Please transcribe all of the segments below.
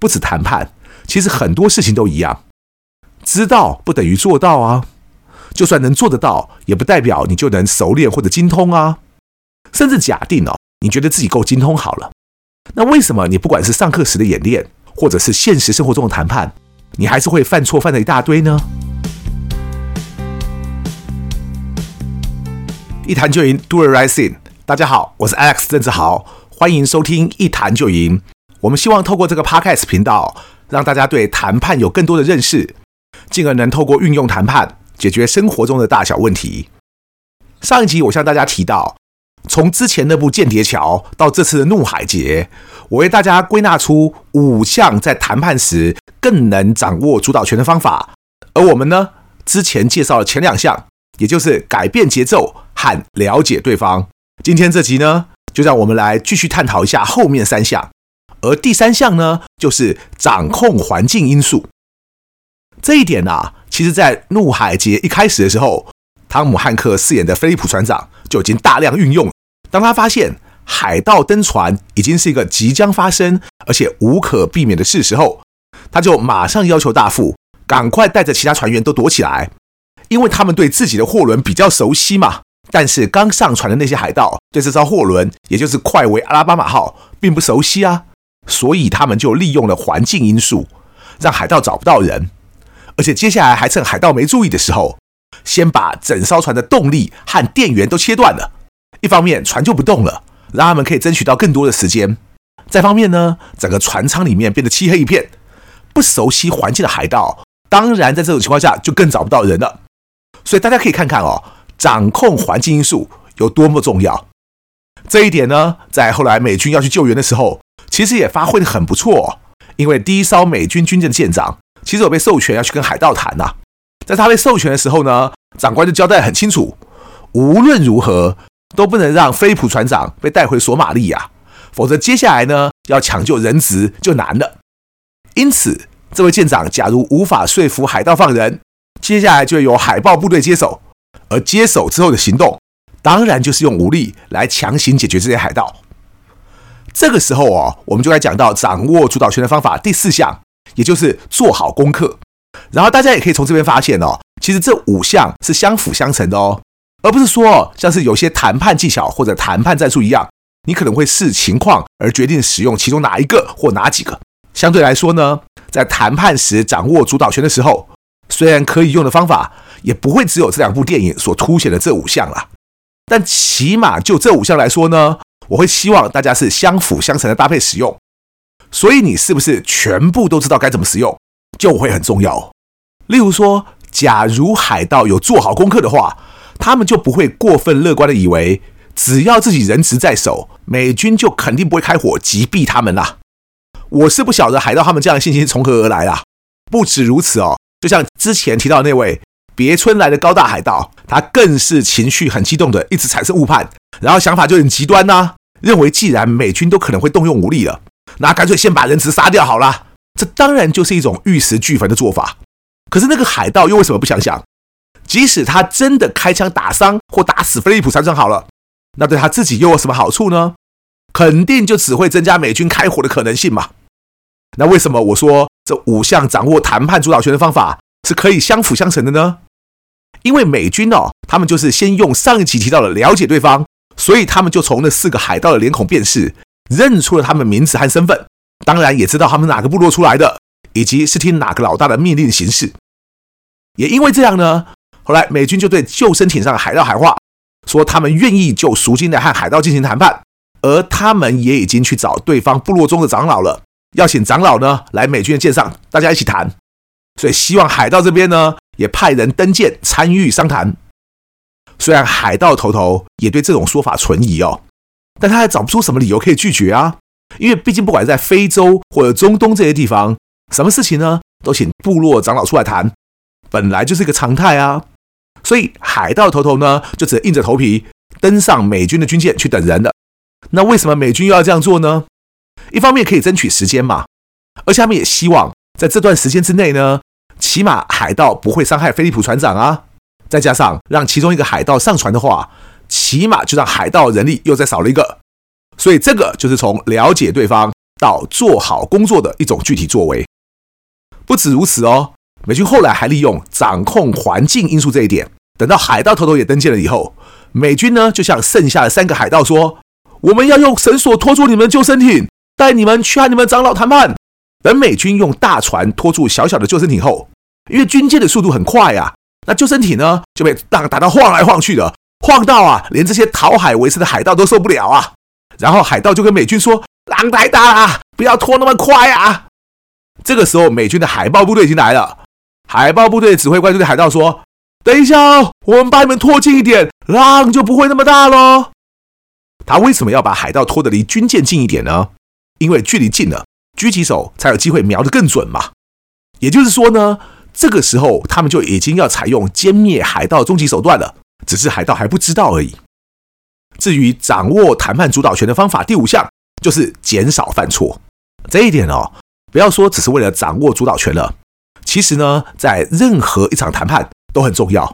不止談判，其實很多事情都一樣，知道不等於做到啊。就算能做得到，也不代表你就能熟練或者精通啊。甚至假定哦，你覺得自己夠精通好了，那為什麼你不管是上課時的演練，或者是現實生活中的談判，你還是會犯錯犯了一大堆呢？一談就贏，Do it right in。大家好，我是 Alex 鄭志豪，歡迎收聽一談就贏。我們希望透過這個 Podcast 頻道，讓大家對談判有更多的認識，進而能透過運用談判解決生活中的大小問題。上一集我向大家提到，從之前那部《間諜橋》到這次的《怒海劫》，我為大家歸納出五項在談判時更能掌握主導權的方法。而我們呢，之前介紹了前兩項，也就是改變節奏和了解對方。今天這集呢，就讓我們來繼續探討一下後面三項。而第三項呢，就是掌控環境因素。這一點啊，其實，在《怒海劫》一開始的時候，湯姆·漢克飾演的菲利普船長就已經大量運用了。當他發現海盜登船已經是一個即將發生而且無可避免的事實後，他就馬上要求大副趕快帶着其他船員都躲起來，因為他們對自己的貨輪比較熟悉嘛。但是剛上船的那些海盜對這艘貨輪，也就是“快桅阿拉巴馬號”，並不熟悉啊。所以他們就利用了環境因素，讓海盜找不到人，而且接下來還趁海盜沒注意的時候，先把整艘船的動力和電源都切斷了。一方面船就不動了，讓他們可以爭取到更多的時間；再方面呢，整個船艙裡面變得漆黑一片，不熟悉環境的海盜，當然在這種情況下就更找不到人了。所以大家可以看看哦，掌控環境因素有多麼重要。這一點呢，在後來美軍要去救援的時候。其實也發揮得很不錯、哦，因為第一艘美軍軍艦的艦長，其實有被授權要去跟海盜談吶、啊。在他被授權的時候呢，長官就交代很清楚，無論如何都不能讓菲普船長被帶回索馬利亞、啊，否則接下來呢要搶救人質就難了。因此，這位艦長假如無法說服海盜放人，接下來就由海豹部隊接手，而接手之後的行動，當然就是用武力來強行解決這些海盜。這個時候哦，我們就該講到掌握主導權的方法第四項，也就是做好功課。然後大家也可以從這邊發現哦，其實這五項是相輔相成的哦，而不是說像是有些談判技巧或者談判戰術一樣，你可能會視情況而決定使用其中哪一個或哪幾個。相對來說呢，在談判時掌握主導權的時候，雖然可以用的方法也不會只有這兩部電影所凸顯的這五項啦，但起碼就這五項來說呢。我會希望大家是相輔相成的，搭配使用，所以你是不是全部都知道該怎麼使用，就會很重要。例如說，假如海盜有做好功課的話，他們就不會過分樂觀的以為，只要自己人質在手，美軍就肯定不會開火擊斃他們啦、啊。我是不曉得海盜他們這樣的信心從何而來啦、啊。不止如此哦，就像之前提到的那位別村來的高大海盜，他更是情緒很激動的一直產生誤判，然後想法就很極端呢、啊。認為，既然美軍都可能會動用武力了，那乾脆先把人質殺掉好了。這當然就是一種玉石俱焚的做法。可是那個海盜又為什麼不想想？即使他真的開槍打傷或打死菲利普船長好了，那對他自己又有什麼好處呢？肯定就只會增加美軍開火的可能性嘛。那為什麼我說這五項掌握談判主導權的方法是可以相輔相成的呢？因為美軍哦，他們就是先用上一集提到的了，了解對方。所以他們就從那四個海盜的臉孔辨識，認出了他們名字和身份，當然也知道他們哪個部落出來的，以及是聽哪個老大的命令行事。也因為這樣呢，後來美軍就對救生艇上的海盜喊話，說他們願意就贖金的和海盜進行談判，而他們也已經去找對方部落中的長老了，要請長老呢來美軍的艦上，大家一起談。所以希望海盜這邊呢也派人登艦參與商談。雖然海盜頭頭也對這種說法存疑哦，但他還找不出什麼理由可以拒絕啊，因為畢竟不管在非洲或者中東這些地方，什麼事情呢都請部落長老出來談，本來就是一個常態啊。所以海盜頭頭呢就只能硬着頭皮登上美軍的軍艦去等人了。那為什麼美軍又要這樣做呢？一方面可以爭取時間嘛，而且他們也希望在這段時間之內呢，起碼海盜不會傷害菲利普船長啊。再加上讓其中一個海盜上船的話，起碼就讓海盜的人力又再少了一個，所以這個就是從了解對方到做好工作的一種具體作為。不止如此哦，美軍後來還利用掌控環境因素這一點。等到海盜頭頭也登艦了以後，美軍呢就向剩下的三個海盜說：“我們要用繩索拖住你們的救生艇，帶你們去和你們長老談判。”等美軍用大船拖住小小的救生艇後，因為軍艦的速度很快啊。那救生艇呢，就被浪打到晃來晃去的，晃到啊，連這些討海為生的海盜都受不了啊。然後海盜就跟美軍說：“浪太大啊，不要拖那麼快啊。”這個時候，美軍的海豹部隊已經來了。海豹部隊指揮官就對海盜說：“等一下，我們把你們拖近一點，浪就不會那麼大嘍。”他為什麼要把海盜拖得離軍艦近一點呢？因為距離近了，狙擊手才有機會瞄得更準嘛。也就是說呢。這個時候，他們就已經要採用殲滅海盜的終極手段了，只是海盜還不知道而已。至於掌握談判主導權的方法，第五項就是減少犯錯。這一點哦，不要說只是為了掌握主導權了，其實呢，在任何一場談判都很重要，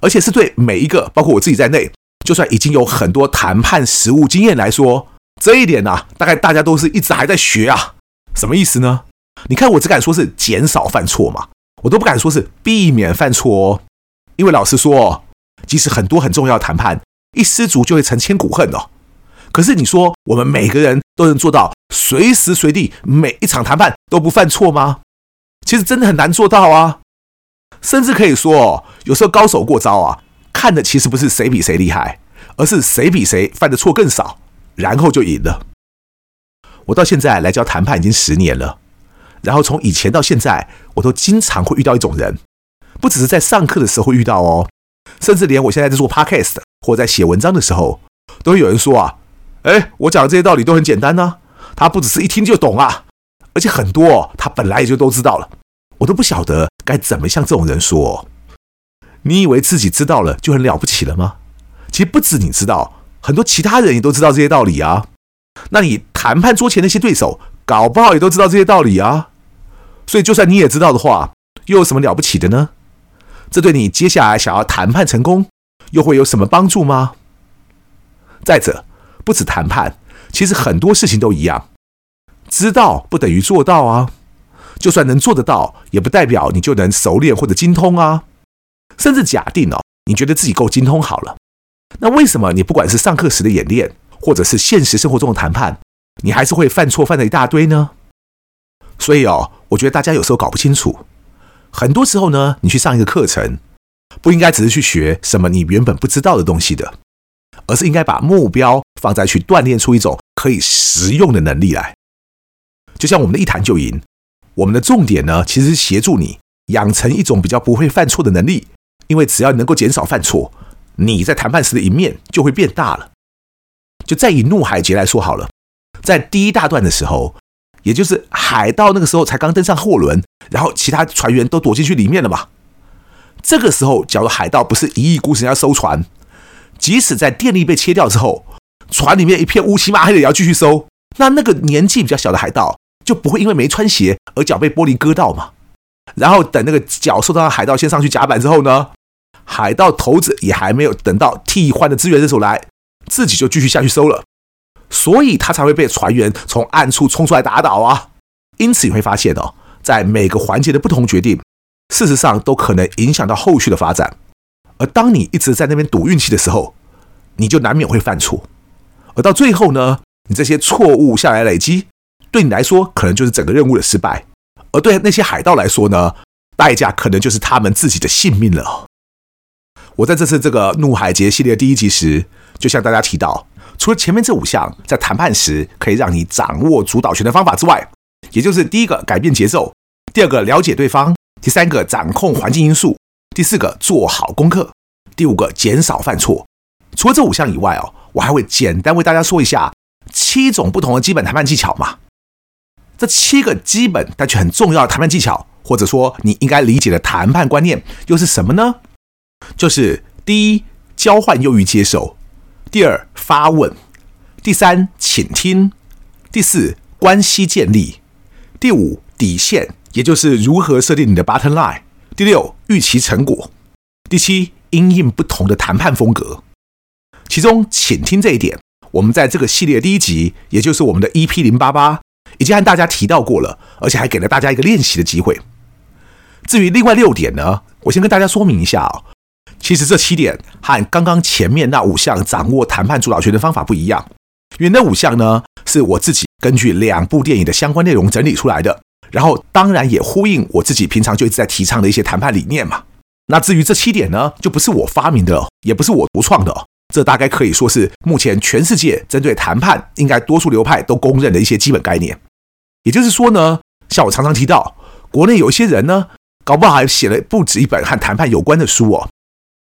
而且是對每一個，包括我自己在內，就算已經有很多談判實務經驗來說，這一點啊，大概大家都是一直還在學啊。什麼意思呢？你看，我只敢說是減少犯錯嘛。我都不敢說是避免犯錯哦，因為老實說，即使很多很重要的談判，一失足就會成千古恨哦。可是你說，我們每個人都能做到隨時隨地每一場談判都不犯錯嗎？其實真的很難做到啊。甚至可以說，有時候高手過招啊，看的其實不是誰比誰厲害，而是誰比誰犯的錯更少，然後就贏了。我到現在來教談判已經十年了。然後從以前到現在，我都經常會遇到一種人，不只是在上課的時候會遇到哦，甚至連我現在在做 Podcast 或在寫文章的時候，都會有人說啊，哎，我講的這些道理都很簡單吶。他不只是一聽就懂啊，而且很多他本來也就都知道了，我都不曉得該怎麼向這種人說哦。你以為自己知道了就很了不起了嗎？其實不止你知道，很多其他人也都知道這些道理啊。那你談判桌前那些對手，搞不好也都知道這些道理啊。所以，就算你也知道的話，又有什麼了不起的呢？這對你接下來想要談判成功，又會有什麼幫助嗎？再者，不止談判，其實很多事情都一樣，知道不等於做到啊。就算能做得到，也不代表你就能熟練或者精通啊。甚至假定哦，你覺得自己夠精通好了，那為什麼你不管是上課時的演練，或者是現實生活中的談判，你還是會犯錯犯了一大堆呢？所以哦，我覺得大家有時候搞不清楚，很多時候呢，你去上一個課程，不應該只是去學什麼你原本不知道的東西的，而是應該把目標放在去鍛鍊出一種可以實用的能力來。就像我們的一談就贏，我們的重點呢，其實是協助你養成一種比較不會犯錯的能力，因為只要你能夠減少犯錯，你在談判時的贏面就會變大了。就再以怒海劫來說好了，在第一大段的時候。也就是海盜那個時候才剛登上貨輪，然後其他船員都躲進去裡面了嘛。這個時候，假如海盜不是一意孤行要搜船，即使在電力被切掉之後，船裡面一片烏漆嘛黑的，也要繼續搜，那那個年紀比較小的海盜就不會因為沒穿鞋而腳被玻璃割到嘛。然後等那個腳受傷的海盜先上去甲板之後呢，海盜頭子也還沒有等到替換的支援人手來，自己就繼續下去搜了。所以他才會被船員從暗處衝出來打倒啊！因此你會發現哦，在每個環節的不同決定，事實上都可能影響到後續的發展。而當你一直在那邊賭運氣的時候，你就難免會犯錯。而到最後呢，你這些錯誤下來累積，對你來說可能就是整個任務的失敗，而對那些海盜來說呢，代價可能就是他們自己的性命了。我在這次這個《怒海劫》系列第一集時，就向大家提到，除了前面這五項在談判時可以讓你掌握主導權的方法之外，也就是第一個改變節奏，第二個了解對方，第三個掌控環境因素，第四個做好功課，第五個減少犯錯。除了這五項以外哦，我還會簡單為大家說一下七種不同的基本談判技巧嘛。這七個基本但卻很重要的談判技巧，或者說你應該理解的談判觀念又是什麼呢？就是第一，交換優於接受；第二，發問；第三，傾聽；第四，關係建立；第五，底線，也就是如何設定你的 bottom line；第六，預期成果；第七，因應不同的談判風格。其中，傾聽這一點，我們在這個系列第一集，也就是我們的 EP 零八八，已經和大家提到過了，而且還給了大家一個練習的機會。至於另外六點呢，我先跟大家說明一下、哦。其實這七點和剛剛前面那五項掌握談判主導權的方法不一樣，因為那五項呢是我自己根據兩部電影的相關內容整理出來的，然後當然也呼應我自己平常就一直在提倡的一些談判理念嘛。那至於這七點呢，就不是我發明的哦，也不是我獨創的哦。這大概可以說是目前全世界針對談判應該多數流派都公認的一些基本概念。也就是說呢，像我常常提到，國內有一些人呢，搞不好還寫了不止一本和談判有關的書哦。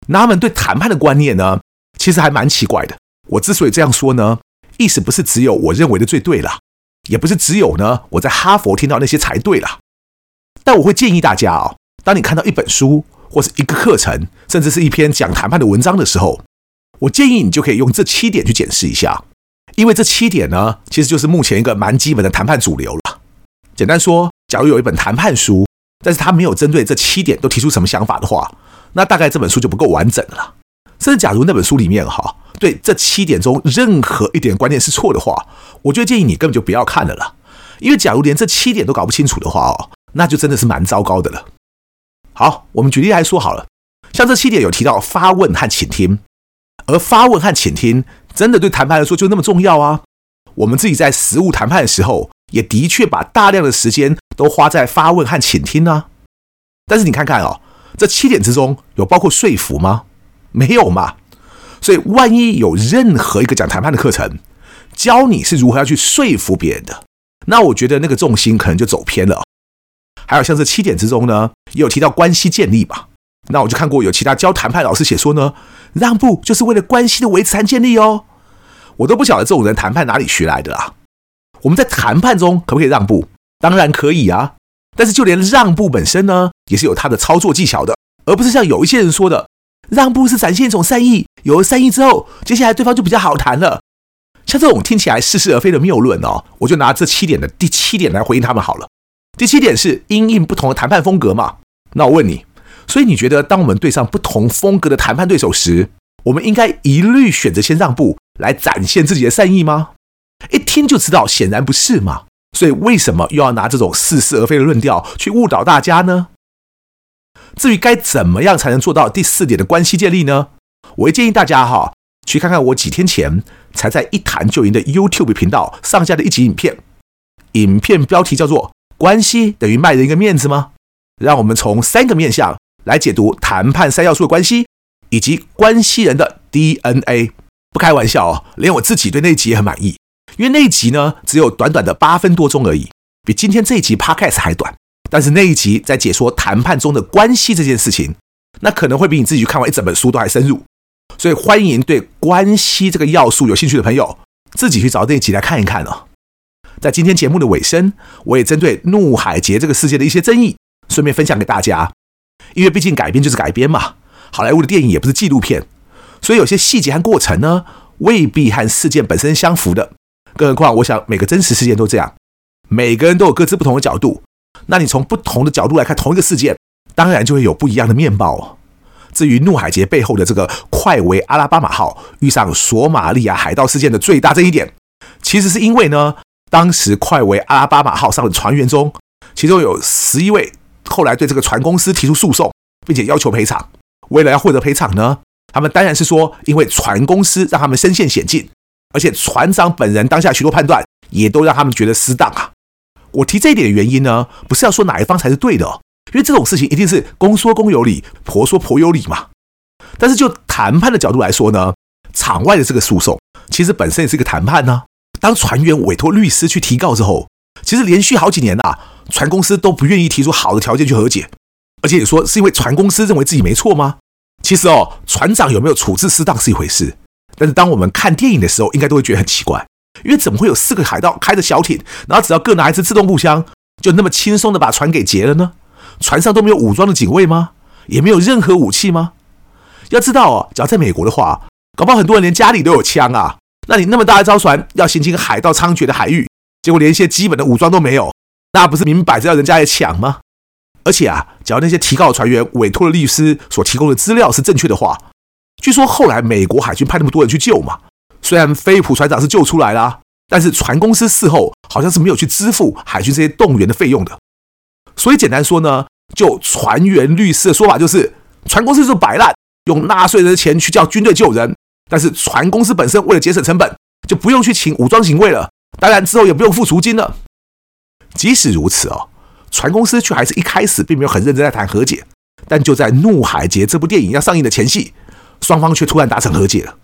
那他們對談判的觀念呢，其實還蠻奇怪的。我之所以這樣說呢，意思不是只有我認為的最對了，也不是只有呢我在哈佛聽到那些才對了。但我會建議大家啊、哦，當你看到一本書或是一個課程，甚至是一篇講談判的文章的時候，我建議你就可以用這七點去檢視一下，因為這七點呢，其實就是目前一個蠻基本的談判主流了。簡單說，假如有一本談判書，但是他沒有針對這七點都提出什麼想法的話。那大概這本書就不夠完整了。甚至假如那本書裡面哈，對這七點中任何一點觀念是錯的話，我就建議你根本就不要看了了。因為假如連這七點都搞不清楚的話哦，那就真的是蠻糟糕的了。好，我們舉例來說好了，像這七點有提到發問和傾聽，而發問和傾聽真的對談判來說就那麼重要啊？我們自己在實務談判的時候，也的確把大量的時間都花在發問和傾聽呢、啊。但是你看看哦。這七點之中有包括說服嗎？沒有嘛。所以萬一有任何一個講談判的課程教你是如何要去說服別人的，那我覺得那個重心可能就走偏了。還有像這七點之中呢，也有提到關係建立吧？那我就看過有其他教談判老師寫說呢，讓步就是為了關係的維持和建立哦。我都不曉得這種人談判哪裡學來的啊。我們在談判中可不可以讓步？當然可以啊。但是，就連讓步本身呢，也是有它的操作技巧的，而不是像有一些人說的，讓步是展現一種善意，有了善意之後，接下來對方就比較好談了。像這種聽起來似是而非的謬論哦，我就拿這七點的第七點來回應他們好了。第七點是因應不同的談判風格嘛。那我問你，所以你覺得當我們對上不同風格的談判對手時，我們應該一律選擇先讓步，來展現自己的善意嗎？一聽就知道，顯然不是嘛。所以，為什麼又要拿這種似是而非的論調去誤導大家呢？至於該怎麼樣才能做到第四點的關係建立呢？我會建議大家哈，去看看我幾天前才在一談就贏的 YouTube 頻道上架的一集影片。影片標題叫做“關係等於賣人一個面子嗎？”讓我們從三個面向來解讀談判三要素的關係，以及關係人的 DNA。不開玩笑哦，連我自己對那集也很滿意。因為那一集呢，只有短短的八分多鐘而已，比今天這一集 Podcast 還短。但是那一集在解說談判中的關係這件事情，那可能會比你自己看完一整本書都還深入。所以歡迎對關係這個要素有興趣的朋友，自己去找這一集來看一看哦。在今天節目的尾聲，我也針對《怒海劫》這個世界的一些爭議，順便分享給大家。因為畢竟改編就是改編嘛，好萊塢的電影也不是紀錄片，所以有些細節和過程呢，未必和事件本身相符的。更何況，我想每個真實事件都這樣，每個人都有各自不同的角度。那你從不同的角度來看同一個事件，當然就會有不一樣的面貌。至於怒海劫背後的這個“快維阿拉巴馬號”遇上索馬利亞海盜事件的最大爭議點，其實是因為呢，當時“快維阿拉巴馬號”上的船員中，其中有十一位後來對這個船公司提出訴訟，並且要求賠償。為了要獲得賠償呢，他們當然是說，因為船公司讓他們身陷險境。而且船長本人當下許多判斷也都讓他們覺得失當啊！我提這一點的原因呢，不是要說哪一方才是對的哦，因為這種事情一定是公說公有理，婆說婆有理嘛。但是就談判的角度來說呢，場外的這個訴訟其實本身也是一個談判呢啊。當船員委託律師去提告之後，其實連續好幾年啊，船公司都不願意提出好的條件去和解。而且你說是因為船公司認為自己沒錯嗎？其實哦，船長有沒有處置失當是一回事。但是當我們看電影的時候，應該都會覺得很奇怪，因為怎麼會有四個海盜開着小艇，然後只要各拿一支自動步槍，就那麼輕鬆的把船給劫了呢？船上都沒有武裝的警衛嗎？也沒有任何武器嗎？要知道啊，只要在美國的話，搞不好很多人連家裡都有槍啊。那你那麼大的一艘船，要行進海盜猖獗的海域，結果連一些基本的武裝都沒有，那不是明明擺著要人家來搶嗎？而且啊，只要那些提告的船員委託的律師所提供的資料是正確的話。據說後來美國海軍派那麼多人去救嘛，雖然菲普船長是救出來了啊，但是船公司事後好像是沒有去支付海軍這些動員的費用的。所以簡單說呢，就船員律師的說法就是，船公司是擺爛，用納稅人的錢去叫軍隊救人，但是船公司本身為了節省成本，就不用去請武裝警衛了，當然之後也不用付贖金了。即使如此哦，船公司卻還是一開始并沒有很認真在談和解，但就在《怒海劫》這部電影要上映的前夕。雙方卻突然達成和解了，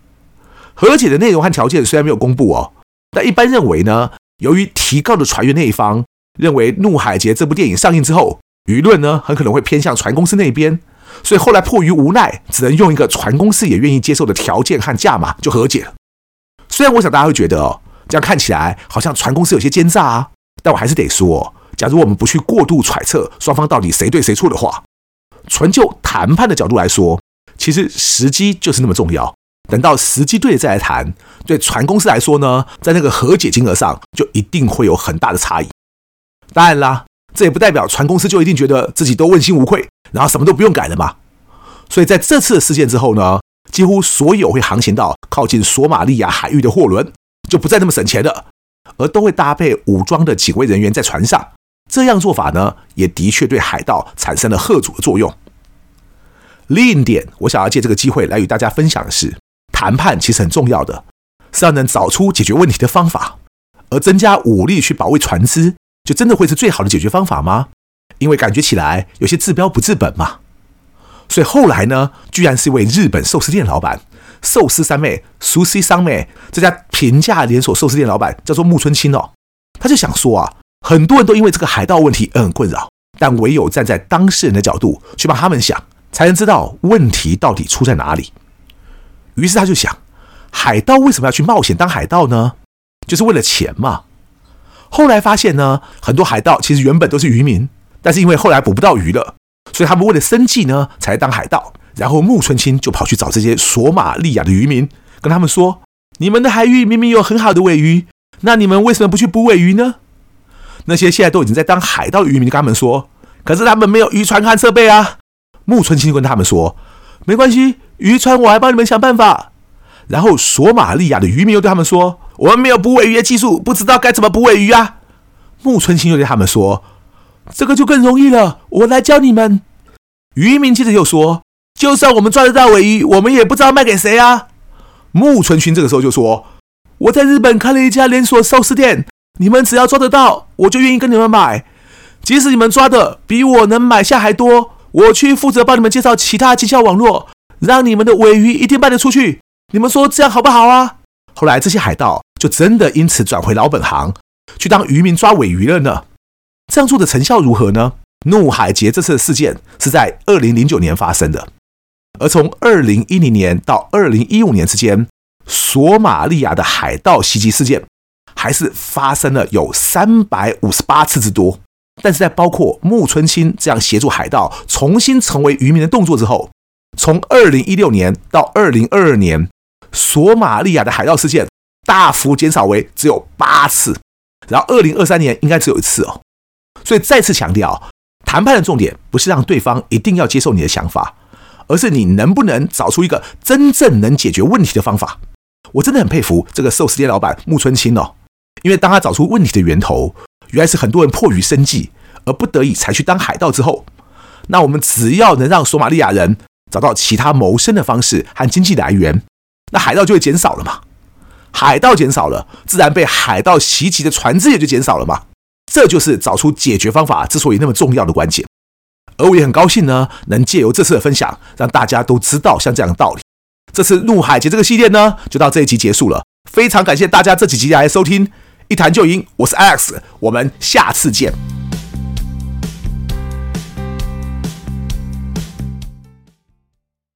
和解的內容和條件雖然沒有公布哦，但一般認為呢，由於提告的船員那一方認為《怒海劫》這部電影上映之後，輿論呢很可能會偏向船公司那一邊，所以後來迫於無奈，只能用一個船公司也願意接受的條件和價碼就和解了。雖然我想大家會覺得哦，這樣看起來好像船公司有些奸詐啊，但我還是得說，假如我們不去過度揣測雙方到底誰對誰錯的話，純就談判的角度來說。其實時機就是那麼重要，等到時機對了再來談。對船公司來說呢，在那個和解金額上就一定會有很大的差異。當然啦，這也不代表船公司就一定覺得自己都問心無愧，然後什麼都不用改了嘛。所以在這次事件之後呢，幾乎所有會航行到靠近索馬利亞海域的貨輪就不再那麼省錢了，而都會搭配武裝的警衛人員在船上。這樣做法呢，也的確對海盜產生了嚇阻的作用。另一點，我想要借這個機會來與大家分享的是，談判其實很重要的，是要能找出解決問題的方法。而增加武力去保衛船只，就真的會是最好的解決方法嗎？因為感覺起來有些治標不治本嘛。所以後來呢，居然是一位日本壽司店老板，壽司三昧，Sushi 三昧，這家平價連鎖壽司店老板叫做木村清哦，他就想說啊，很多人都因為這個海盜問題嗯困擾，但唯有站在當事人的角度去幫他們想。才能知道問題到底出在哪裡。於是他就想，海盜為什麼要去冒險當海盜呢？就是為了錢嘛。後來發現呢，很多海盜其實原本都是漁民，但是因為後來捕不到魚了，所以他們為了生計呢，才當海盜。然後木村清就跑去找這些索馬利亞的漁民，跟他們說：“你們的海域明明有很好的鮪魚，那你們為什麼不去捕鮪魚呢？”那些現在都已經在當海盜的漁民跟他們說：“可是他們沒有漁船和設備啊。”木村清就跟他們說：“沒關係，漁船我還幫你們想辦法。”然後索馬利亞的漁民又對他們說：“我們沒有捕鮪魚的技術，不知道該怎麼捕鮪魚啊。”木村清又對他們說：“這個就更容易了，我來教你們。”漁民接着又說：“就算我們抓得到鮪魚，我們也不知道賣給誰啊。”木村清這個時候就說：“我在日本開了一家連鎖壽司店，你們只要抓得到，我就願意跟你們買，即使你們抓的比我能買下還多。”我去負責幫你們介紹其他經銷網絡，讓你們的鮪魚一定賣得出去。你們說這樣好不好啊？後來這些海盜就真的因此轉回老本行，去當漁民抓鮪魚了呢。這樣做的成效如何呢？怒海劫這次的事件是在二零零九年發生的，而從二零一零年到二零一五年之間，索馬利亞的海盜襲擊事件還是發生了有三百五十八次之多。但是在包括木村清這樣協助海盜重新成為漁民的動作之後，從2016年到2022年，索馬利亞的海盜事件大幅減少為只有八次，然後2023年應該只有一次哦。所以再次強調，談判的重點不是讓對方一定要接受你的想法，而是你能不能找出一個真正能解決問題的方法。我真的很佩服這個壽司店老板木村清哦，因為當他找出問題的源頭，原來是很多人迫於生計而不得已才去當海盜之後。那我們只要能讓索馬利亞人找到其他謀生的方式和經濟來源，那海盜就會減少了嘛？海盜減少了，自然被海盜襲擊的船只也就減少了嘛？這就是找出解決方法之所以那麼重要的關鍵。而我也很高興呢，能借由這次的分享，讓大家都知道像這樣的道理。這次《怒海劫》這個系列呢，就到這一集結束了。非常感謝大家這幾集來收聽。一談就贏，我是 Alex，我們下次見。